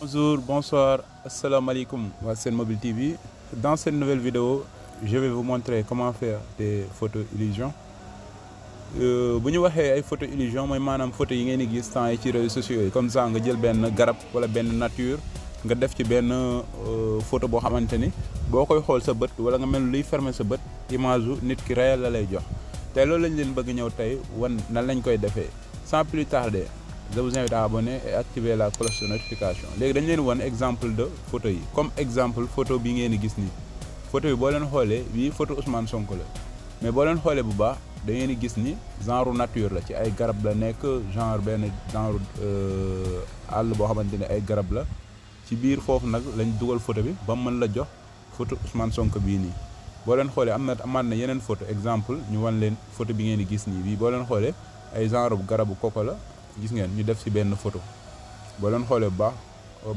Bonjour, bonsoir, assalamu alaikum, Sen Mobile TV. Dans cette nouvelle vidéo, je vais vous montrer comment faire des photos illusions. Si euh, vous waxee ay photos illusions, je vais photo yi ngeen photos gis temps yi réseaux sociaux comme ça vous jël une garab wala une nature vous def ci euh, photo boo xamante ni boo vous xool sa vous wala nga mel luy fermer sa bët image u nit ki réel la lay jox te loolu lañ leen bëgg ñëw tey wan lañ koy sans plus tarder je vous invite à abonner et activer la cloche de notification léegi dañ leen won exemple de photo yi comme exemple photo bi ngeen di gis ni. photo bi bo leen xolé bii photo Ousmane Sonko la mais bo leen xolé bu baax da ngeen di gis ni genre nature la ci ay garab la nek genre benn genre euh all bo xamanteni ay garab la ci biir fofu nak lañ dugal photo bi ba mën la jox photo Ousmane Sonko bi ni. Bo leen xolé amna amna yenen photo exemple ñu wan leen photo bi ngeen di gis ni bii bo leen xolé ay genre garabu koko la gis ngeen ñu def ci benn photo boo leen xoolee bu baax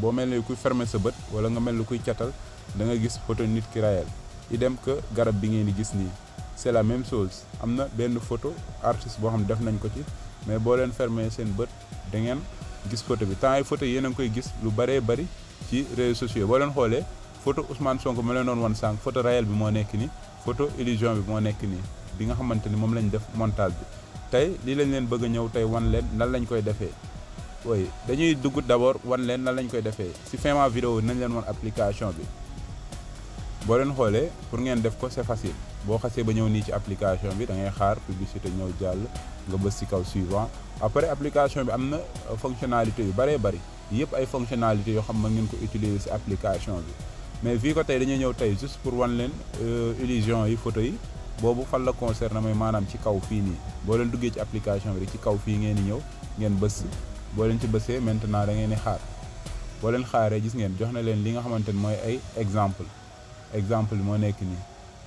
boo mel ni kuy fermer sa bët wala nga mel ni kuy catal da nga gis photo nit ki rayal dem que garab bi ngeen di gis nii c'est la même chose am na benn photo artiste boo xam def nañ ko ci mais boo leen ferme seen bët da ngeen gis photo bi temps yi photo yéen a ngi koy gis lu bëree bëri ci réseaux sociaux boo leen xoolee photo Ousmane Sonko ma leen doon wan sànq photo rayal bi moo nekk nii photo illusion bi moo nekk nii bi nga xamante ni moom lañ def montage bi tay lii lañ leen bëgg ñëw tay wan leen nan lañ koy defee oui dañuy dugg d'abord wan leen nan lañ koy defee si fin vidéo nañ leen wan application bi boo leen xoolee pour ngeen def ko c'est facile boo xasee ba ñëw nii ci application bi da ngay xaar publicité ñëw jàll nga bës ci kaw suivant après application bi am na euh, fonctionnalité yu bëree bari yëpp ay fonctionnalité yoo xam ma ngeen ko utiliser ci application bi mais fii ko tey dañuy ñëw tey juste pour wan leen euh, illusion yi photo yi boobu fan la concerné mooy maanaam ci kaw fii nii boo leen duggee ci application bi rek ci kaw fii ngeen di ñëw ngeen bës boo leen ci bësee maintenant da ngeen di xaar boo leen xaaree gis ngeen jox na leen li nga xamante ni mooy ay exemple exemple bi moo nekk nii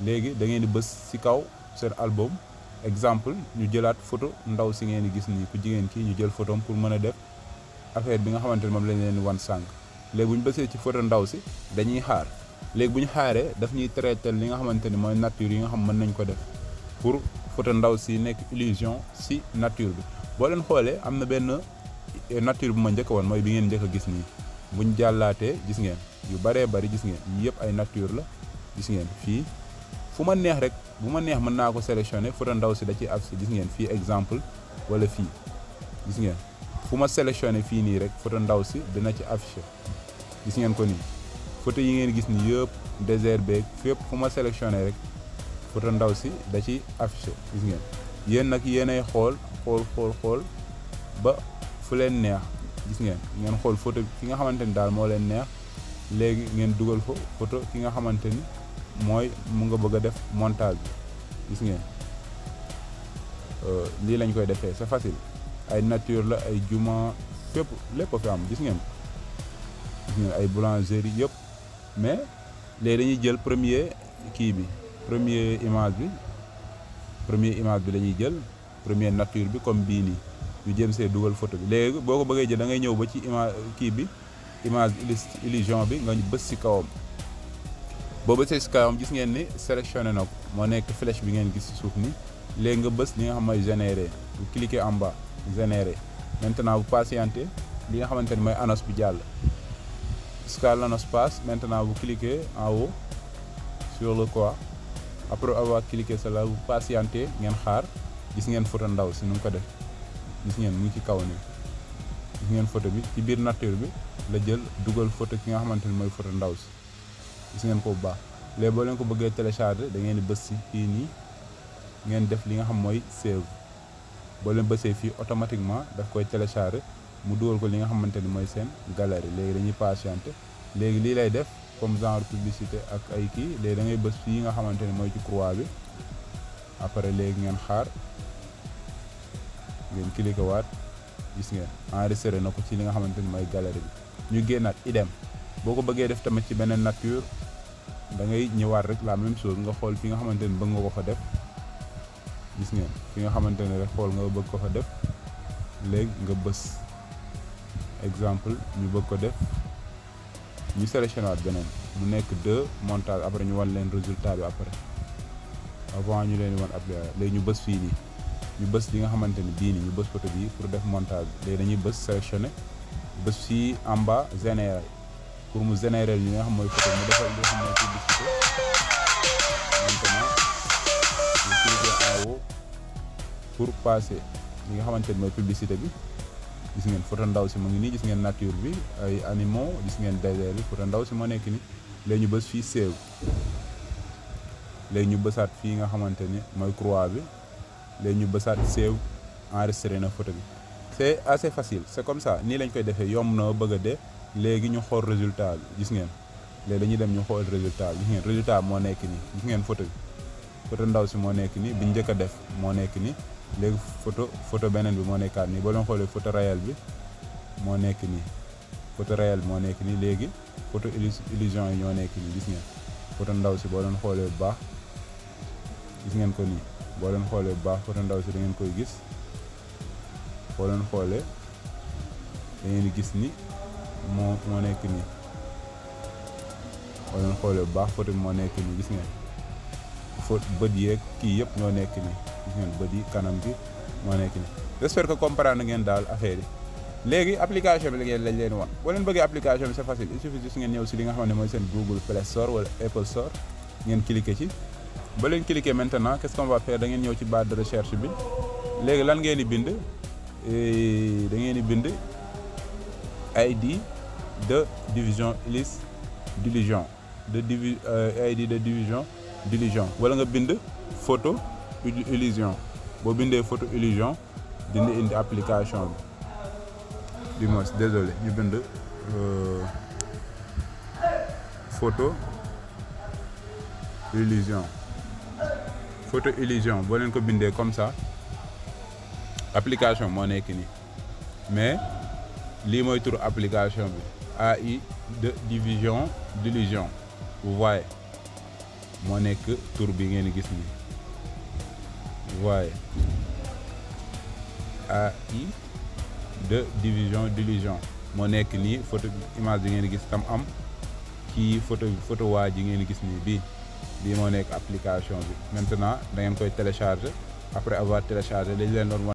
léegi da ngeen di bës si kaw seen album exemple ñu jëlaat photo ndaw si ngeen di gis nii ku jigéen kii ñu jël photom pour mën a def affaire bi nga xamante ni moom lañ leen di wan sànq léegi bu ñu bësee ci photo ndaw si dañuy xaar léegi bu ñu daf ñuy traité li nga xamanteni moy nature yi nga xam mën nañ ko def pour photo ndaw si nek illusion si nature bi boo leen xoolee am na eh, nature bu ma njëkk woon moy bi ngeen njëkk gis ni buñ jallaté gis ngeen yu baree bari gis ngeen yépp ay nature la gis ngeen fi fu ma neex rek bu ma neex mën naa ko sélectionner photo ndaw si da ci ab si gis ngeen fii exemple wala fii gis ngeen fu ma sélectionné fii nii rek photo ndaw si dina ci affiché gis ngeen ko nii photo yi ngeen gis ni yëpp désert beeg fépp fu ma sélectionné rek photo ndaw si da ci affiché gis ngeen yéen nag yéenay xool xool xool xool ba fu leen neex gis ngeen ngeen xool photo ki nga xamante ni daal moo leen neex léegi ngeen dugal ko photo ki nga xamante ni mooy mu nga bëgg a def montage gis ngeen lii lañ koy defee c'est facile ay nature la ay juma fépp lépp fi am gis ngeen gis ngeen ay boulangerie yëpp mais les dañuy jël premier premier image bi premier image bi jël nature bi comme bi ñu jëm photo bi vous boko une jël da ngay ñëw ba ci image bi image illusion bi nga si kawam si kawam gis sélectionné flèche bi ngeen gis ni généré en bas généré maintenant vous patienter li nga escale nuspas, menten Maintenant, vous cliquez en haut sur le quoi. Après avoir cliqué cela, vous patientez, ngeen xaar. Gis ngeen photo ndaw si nu ko def. Gis ngeen mu ci kaw ni. Gis ngeen photo bi ci biir nature bi la jël dugal photo ki nga xamanteni moy photo ndaw si. Gis ngeen ko bu baax. léegi boo leen ko bëggee télécharger da ngeen di bës save boo leen bësee fii automatiquement daf mu dugal ko li nga xamante ni mooy seen galerie léegi dañuy patienté léegi lii lay def comme genre publicité ak ay kii léegi da ngay bës fii nga xamante ni mooy ci croix bi après léegi ngeen xaar ngeen cliqué waat gis ngeen enregistré na ko ci li nga xamante ni mooy galerie bi ñu génnaat i dem boo ko bëggee def tamit ci beneen nature da ngay ñëwaat rek la même chose nga xool fi nga xamante ni bëgg nga ko fa def gis ngeen fi nga xamante ne rek xool nga bëgg ko fa def léegi nga bës exemple ñu bëgg ko def ñu sélectionné waat beneen mu nekk deux montage après ñu wan leen résultat bi après avant ñu leen wan appli léegi ñu bës fii nii ñu bës li nga xamante ni bii nii ñu bës photo bii pour def montage léegi dañuy bës sélectionné bës fii en bas général pour mu générer ñi nga xam mooy photo mu defal li nga xam mooy publicité maintenant ñu cliquer en pour passer li nga xamante ni mooy publicité bi gis ngeen photo ndaw si mu ngi nii gis ngeen nature bi ay animaux gis ngeen désert bi photo ndaw si moo nekk ni lay ñu bës fii séew lay ñu bësaat fii nga xamante ni mooy croix bi lay ñu bësaat séew enregistré na photo bi c'est assez facile c'est comme ça nii lañ koy defee yomb na bëgg a dee léegi ñu xool résultat bi gis ngeen léegi dañuy dem ñu xool résultat bi gis ngeen résultat moo nekk ni gis ngeen photo bi photo ndaw si moo nekk ni bi njëkk a def moo nekk ni léegi photo photo benen bi mo nek ni bo doon xoolee photo réel bi mo nek ni photo réel mo nek ni léegi photo illusion yi ñoo nekk nii gis ngeen photo ndaw ci bo doon xoolee bu baax gis ngeen ko ni bo doon xoolee bu baax photo ndaw ci da ngeen koy gis bo doon xoolee da ngeen gis ni mo mo nek ni bo doon xoolee bu baax photo mo nek ni gis ngeen photo bët yeeg ki yëpp ñoo nek ni gis kanam bi j'espère que comprendre ngeen daal affaire yi application bi ngeen lañ leen won. boo leen bëggee application bi c'est facile il suffit juste ngeen ñëw si li nga xam ne mooy seen Google Play Store wala Apple Store ngeen cliquer ci ba leen cliquer maintenant qu'est-ce qu'on va faire da ngeen ñëw ci barre de recherche bi léegi lan ngeen di bind eh, da ngeen di bind ID de division liste Diligent de divi euh, ID de division Diligent wala nga bind photo une illusion bobine une photo illusion avez une application du moins désolé ñu bind euh, photo illusion photo illusion vous leen ko comme ça application monnaie qui mais lii mooy tour application bi AI de division d'illusion vous voyez monnaie que est bi bien. Voyez, AI de division division. Monèque, nek ni, photo image bi ngeen gis am qui photo photo waa ji ngeen gis application maintenant da pouvez télécharger après avoir téléchargé les gens normalement.